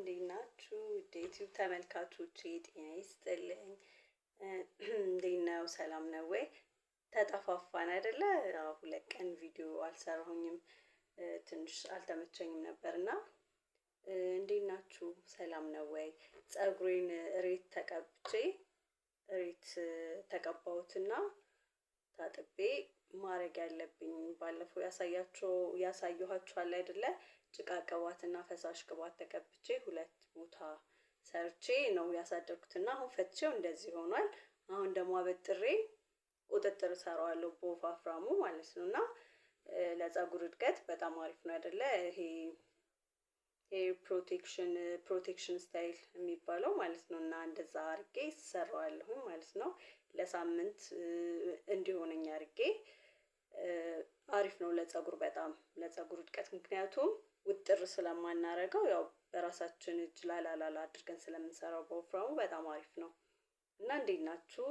እንዴት ናችሁ? ውድ ዩቲዩብ ተመልካቾቼ ጤና ይስጥልኝ። እንዴት ነው? ሰላም ነው ወይ? ተጠፋፋን አይደለ? ሁለት ቀን ቪዲዮ አልሰራሁኝም፣ ትንሽ አልተመቸኝም ነበር እና እንዴት ናችሁ? ሰላም ነው ወይ? ፀጉሬን እሬት ተቀብቼ እሬት ተቀባሁትና ታጥቤ ማድረግ ያለብኝ ባለፈው ያሳያቸው ያሳየኋችኋል አይደለ? ጭቃ ቅባት እና ፈሳሽ ቅባት ተቀብቼ ሁለት ቦታ ሰርቼ ነው ያሳደርኩትና አሁን ፈትቼው እንደዚህ ሆኗል። አሁን ደግሞ አበጥሬ ቁጥጥር እሰራዋለሁ በወፋፍራሙ ማለት ነው። እና ለፀጉር እድገት በጣም አሪፍ ነው አይደለ? ይሄ ፕሮቴክሽን ፕሮቴክሽን ስታይል የሚባለው ማለት ነው። እና እንደዛ አርጌ ሰራዋለሁ ማለት ነው። ለሳምንት እንዲሆነኝ አርጌ አሪፍ ነው ለፀጉር በጣም ለጸጉር ውድቀት። ምክንያቱም ውጥር ስለማናረገው ያው በራሳችን እጅ ላላላላ አድርገን ስለምንሰራው በወፍራሙ በጣም አሪፍ ነው እና እንዴት ናችሁ?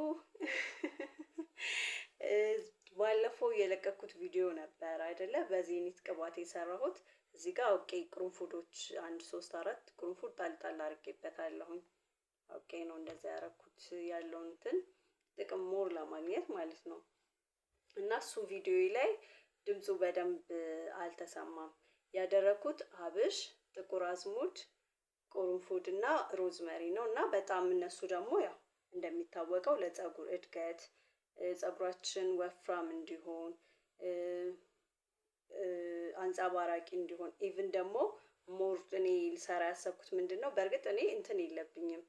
ባለፈው የለቀኩት ቪዲዮ ነበር አይደለ? በዜኒት ቅባት የሰራሁት እዚህ ጋር አውቄ ቅርንፉዶች አንድ ሶስት አራት ቅርንፉድ ጣልጣል አርጌበታለሁኝ። አውቄ ነው እንደዚያ ያረኩት ያለውን እንትን ጥቅም ሞር ለማግኘት ማለት ነው። እሱ ቪዲዮ ላይ ድምፁ በደንብ አልተሰማም። ያደረኩት አብሽ፣ ጥቁር አዝሙድ፣ ቁርንፉድ እና ሮዝመሪ ነው እና በጣም እነሱ ደግሞ ያው እንደሚታወቀው ለፀጉር እድገት ፀጉራችን ወፍራም እንዲሆን አንጸባራቂ እንዲሆን ኢቭን ደግሞ ሞር እኔ ልሰራ ያሰብኩት ምንድን ነው፣ በእርግጥ እኔ እንትን የለብኝም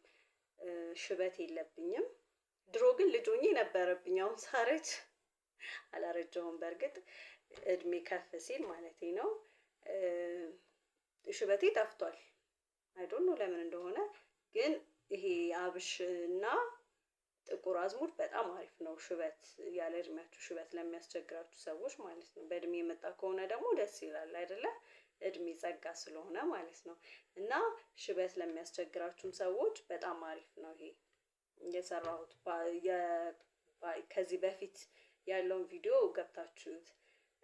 ሽበት የለብኝም። ድሮ ግን ልጆኜ ነበረብኝ። አሁን ሳረች አላረጀሁም። በእርግጥ እድሜ ከፍ ሲል ማለት ነው ሽበቴ ጠፍቷል። አይዶኖ ለምን እንደሆነ ግን ይሄ እና ጥቁር አዝሙድ በጣም አሪፍ ነው። ሽበት ያለ እድሜያችሁ ሽበት ለሚያስቸግራችሁ ሰዎች ማለት ነው። በእድሜ የመጣ ከሆነ ደግሞ ደስ ይላል አይደለ? እድሜ ጸጋ ስለሆነ ማለት ነው። እና ሽበት ለሚያስቸግራችሁም ሰዎች በጣም አሪፍ ነው ይሄ የሰራሁት ከዚህ በፊት ያለውን ቪዲዮ ገብታችሁት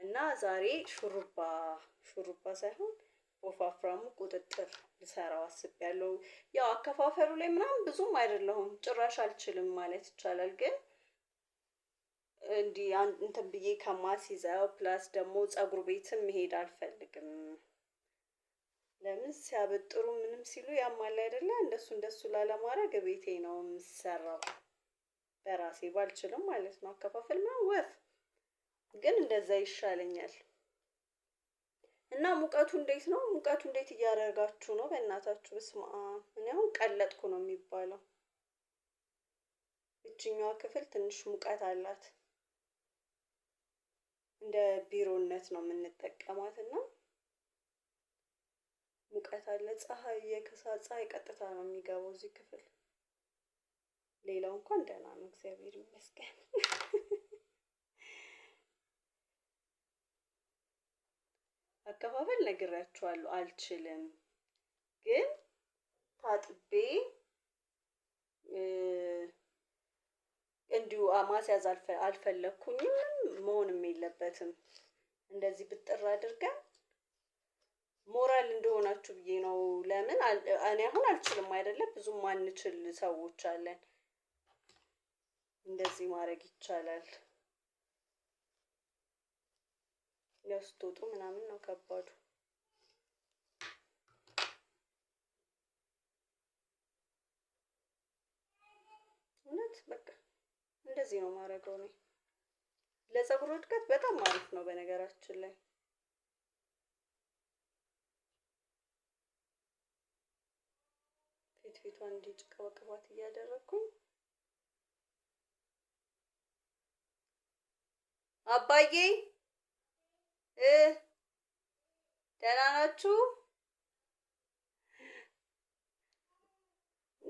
እና ዛሬ ሹሩባ ሹሩባ ሳይሆን ወፋፍራሙ ቁጥጥር ልሰራው አስቤያለሁ። ያው አከፋፈሉ ላይ ምናምን ብዙም አይደለሁም ጭራሽ አልችልም ማለት ይቻላል። ግን እንዲህ እንትን ብዬ ከማስይዘው ፕላስ ደግሞ ፀጉር ቤትም መሄድ አልፈልግም። ለምን ሲያበጥሩ ምንም ሲሉ ያማል አይደለ? እንደሱ እንደሱ ላለማድረግ ቤቴ ነው የምሰራው። በራሴ ባልችልም ማለት ነው አከፋፈል ወፍ ግን እንደዛ ይሻለኛል። እና ሙቀቱ እንዴት ነው? ሙቀቱ እንዴት እያደረጋችሁ ነው? በእናታችሁ ብስማ እኔ አሁን ቀለጥኩ ነው የሚባለው። እችኛዋ ክፍል ትንሽ ሙቀት አላት። እንደ ቢሮነት ነው የምንጠቀማት እና ሙቀት አለ። ፀሐይ የከሳ ፀሐይ ቀጥታ ነው የሚገባው እዚህ ክፍል ሌላው እንኳን ደህና ነው፣ እግዚአብሔር ይመስገን። አከፋፈል ነግራችኋለሁ፣ አልችልም። ግን ታጥቤ እንዲሁ ማስያዝ አልፈለግኩኝም። መሆንም የለበትም እንደዚህ ብጥር አድርገን ሞራል እንደሆናችሁ ብዬ ነው። ለምን እኔ አሁን አልችልም አይደለም ብዙም አንችል ሰዎች አለን እንደዚህ ማድረግ ይቻላል። ያው ስትወጡ ምናምን ነው ከባዱ። እውነት በቃ እንደዚህ ነው ማድረገው ነው። ለፀጉር እድገት በጣም አሪፍ ነው በነገራችን ላይ ፊት ፊቷን እንዲጭ ቅባት እያደረግኩኝ አባዬ እ ደህና ናችሁ?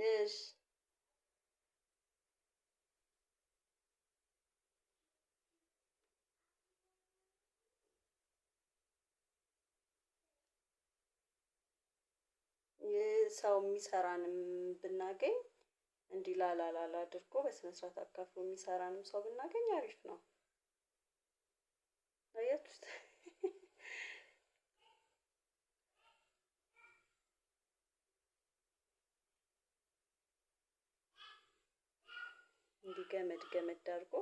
እሺ ሰው የሚሰራንም ብናገኝ እንዲህ ላላ አድርጎ በስነ ስርዓት አካፍሎ የሚሰራንም ሰው ብናገኝ አሪፍ ነው። አያችሁት? እንዲህ ገመድ ገመድ አድርጎ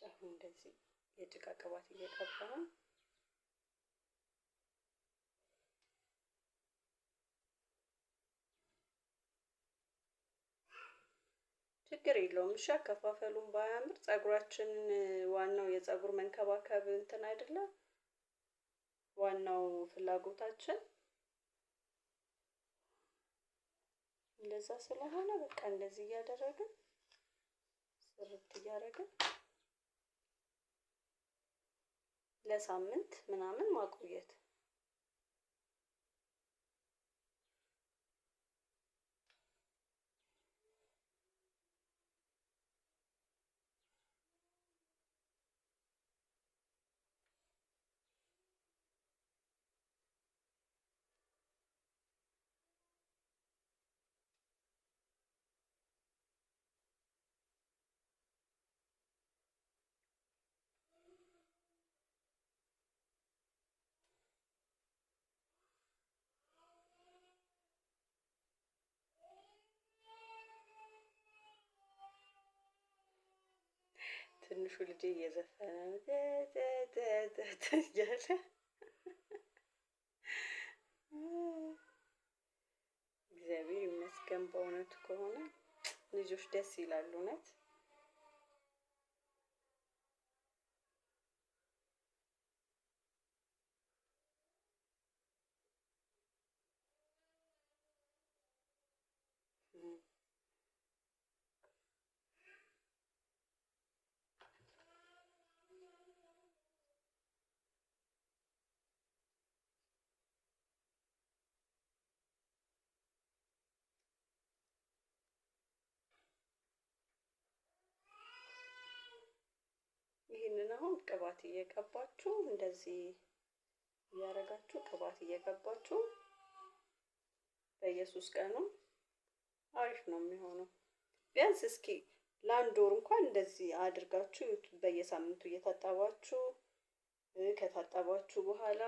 ጫፉን እንደዚህ የጭቃ ቅባት ነው። ችግር የለውም። እሺ አከፋፈሉም ባያምር ፀጉራችንን ዋናው የፀጉር መንከባከብ እንትን አይደለም ዋናው ፍላጎታችን እንደዛ ስለሆነ በቃ እንደዚህ እያደረግን ስርት እያደረግን ለሳምንት ምናምን ማቆየት ትንሹ ልጅ እየዘፈነ እያለ እግዚአብሔር ይመስገን። በእውነቱ ከሆነ ልጆች ደስ ይላሉ እውነት ይሄንን አሁን ቅባት እየቀባችሁ እንደዚህ እያረጋችሁ ቅባት እየቀባችሁ በኢየሱስ ቀኑ አሪፍ ነው የሚሆነው። ቢያንስ እስኪ ለአንድ ወር እንኳን እንደዚህ አድርጋችሁ በየሳምንቱ እየታጠባችሁ ከታጠባችሁ በኋላ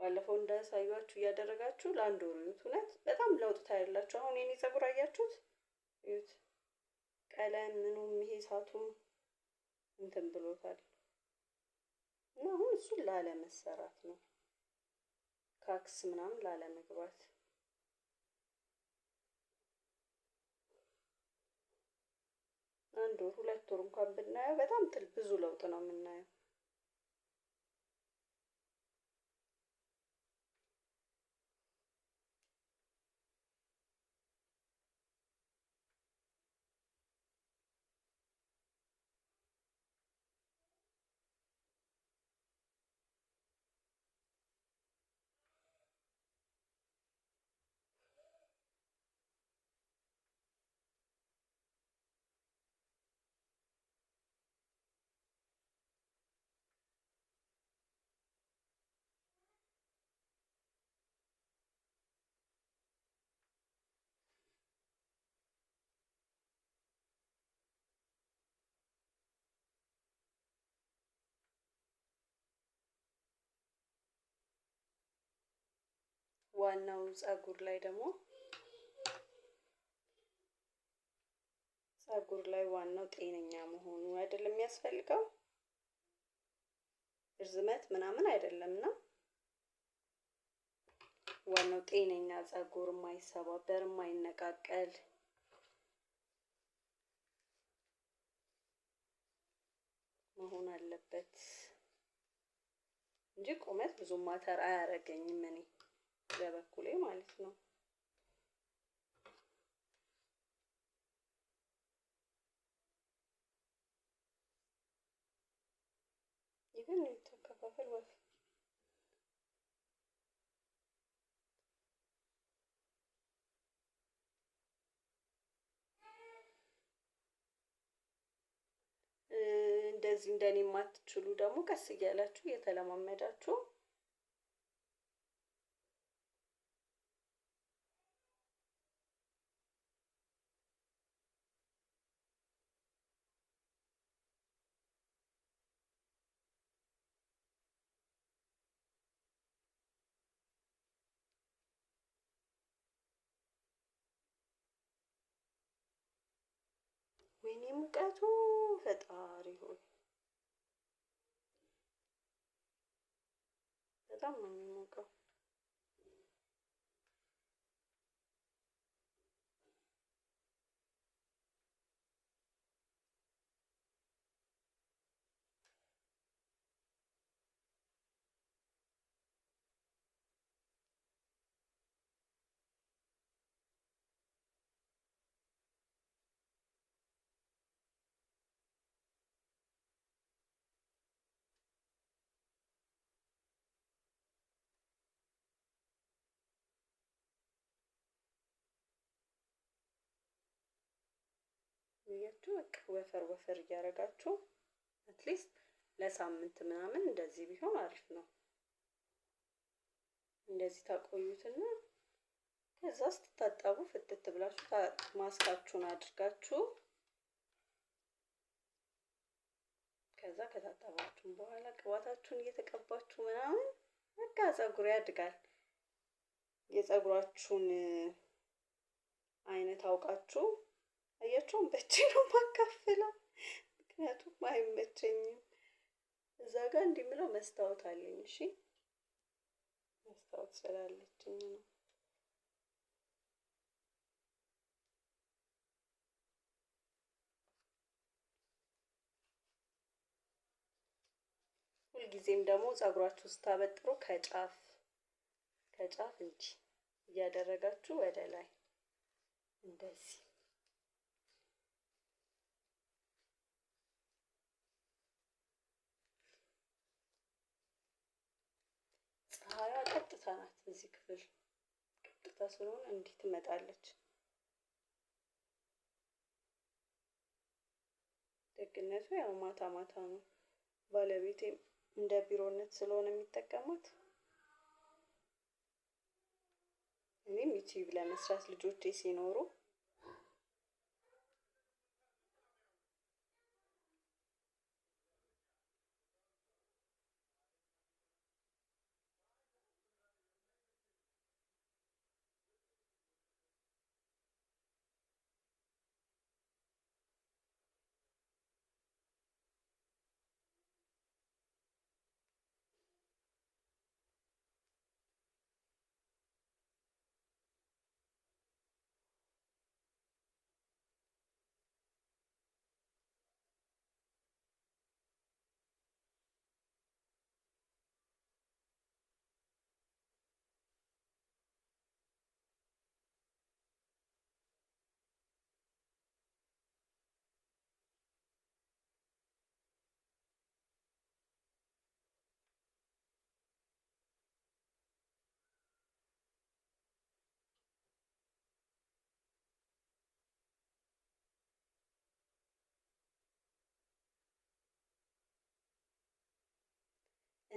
ባለፈው እንዳሳያችሁ እያደረጋችሁ ለአንድ ወር እዩት። እውነት በጣም ለውጥ ታያላችሁ። አሁን የኔ ፀጉር አያችሁት? እዩት ቀለም ምኑም ይሄ ሳቱም እንትን ብሎታል እና አሁን እሱን ላለመሰራት ነው ካክስ ምናምን ላለመግባት አንድ ወር ሁለት ወር እንኳን ብናየው በጣም ትል ብዙ ለውጥ ነው የምናየው። ዋናው ጸጉር ላይ ደግሞ ጸጉር ላይ ዋናው ጤነኛ መሆኑ አይደለም የሚያስፈልገው እርዝመት ምናምን አይደለም እና ዋናው ጤነኛ ጸጉር የማይሰባበር የማይነቃቀል መሆን አለበት እንጂ ቁመት ብዙ ማተር አያደርገኝም እኔ ግን ተከፋፈል ወፍ እንደዚህ እንደኔ የማትችሉ ደግሞ ቀስ እያላችሁ እየተለማመዳችሁ ሙቀቱ ፈጣሪ ሆይ በጣም ነው የሚሞቀው። እያደረጋችሁ በቃ ወፈር ወፈር እያደረጋችሁ አትሊስት ለሳምንት ምናምን እንደዚህ ቢሆን አሪፍ ነው። እንደዚህ ታቆዩትና ከዛ ስትታጠቡ ፍትት ብላችሁ ማስካችሁን አድርጋችሁ ከዛ ከታጠባችሁን በኋላ ቅባታችሁን እየተቀባችሁ ምናምን በቃ ፀጉር ያድጋል። የፀጉራችሁን አይነት አውቃችሁ አያችሁም? በእጄ ነው ማካፍለው ምክንያቱም አይመቸኝም። እዛ ጋር እንዲህ መስታወት አለኝ። እሺ መስታወት ስላለችኝ ነው። ሁልጊዜም ደግሞ ፀጉራችሁ ስታበጥሩ ከጫፍ ከጫፍ እንጂ እያደረጋችሁ ወደ ላይ እንደዚህ ፀሐይዋ ቀጥታ ናት። እዚህ ክፍል ቀጥታ ስለሆነ እንዲህ ትመጣለች። ደግነቱ ያው ማታ ማታ ነው። ባለቤቴ እንደ ቢሮነት ስለሆነ የሚጠቀሙት። እኔም ዩቲዩብ ለመስራት ልጆቼ ሲኖሩ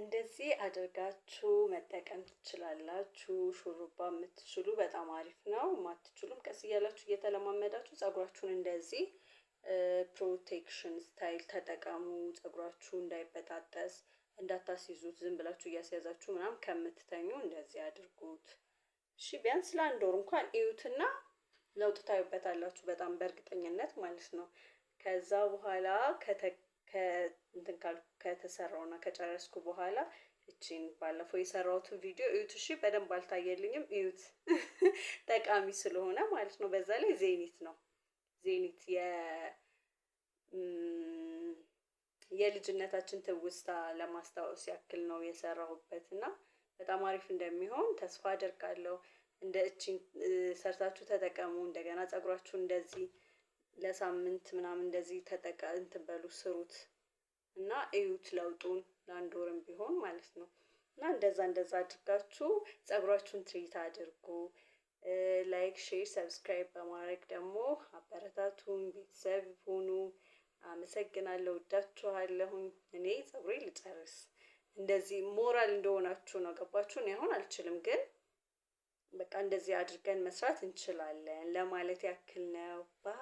እንደዚህ አድርጋችሁ መጠቀም ትችላላችሁ። ሹሩባ የምትችሉ በጣም አሪፍ ነው። ማትችሉም ቀስ እያላችሁ እየተለማመዳችሁ ጸጉራችሁን እንደዚህ ፕሮቴክሽን ስታይል ተጠቀሙ። ጸጉራችሁ እንዳይበጣጠስ እንዳታስይዙት፣ ዝም ብላችሁ እያስያዛችሁ ምናምን ከምትተኙ እንደዚህ አድርጉት። እሺ ቢያንስ ለአንድ ወር እንኳን እዩትና ለውጥ ታዩበታላችሁ፣ በጣም በእርግጠኝነት ማለት ነው። ከዛ በኋላ ከተሰራውና ከጨረስኩ በኋላ እቺን ባለፈው የሰራሁትን ቪዲዮ እዩት። እሺ በደንብ አልታየልኝም፣ እዩት። ጠቃሚ ስለሆነ ማለት ነው። በዛ ላይ ዜኒት ነው ዜኒት የልጅነታችን ትውስታ ለማስታወስ ያክል ነው የሰራሁበት እና በጣም አሪፍ እንደሚሆን ተስፋ አደርጋለሁ። እንደ እቺን ሰርታችሁ ተጠቀሙ። እንደገና ጸጉራችሁ እንደዚህ ለሳምንት ምናምን እንደዚህ ተጠቃ እንትን በሉ ስሩት እና እዩት ለውጡን ለአንድ ወርም ቢሆን ማለት ነው። እና እንደዛ እንደዛ አድርጋችሁ ጸጉራችሁን ትሪት አድርጉ። ላይክ፣ ሼር፣ ሰብስክራይብ በማድረግ ደግሞ አበረታቱን፣ ቤተሰብ ሁኑ። አመሰግናለሁ። ወዳችኋለሁኝ። እኔ ጸጉሬ ልጨርስ እንደዚህ ሞራል እንደሆናችሁ ነው። ገባችሁ? እኔ አሁን አልችልም፣ ግን በቃ እንደዚህ አድርገን መስራት እንችላለን ለማለት ያክል ነው። ባ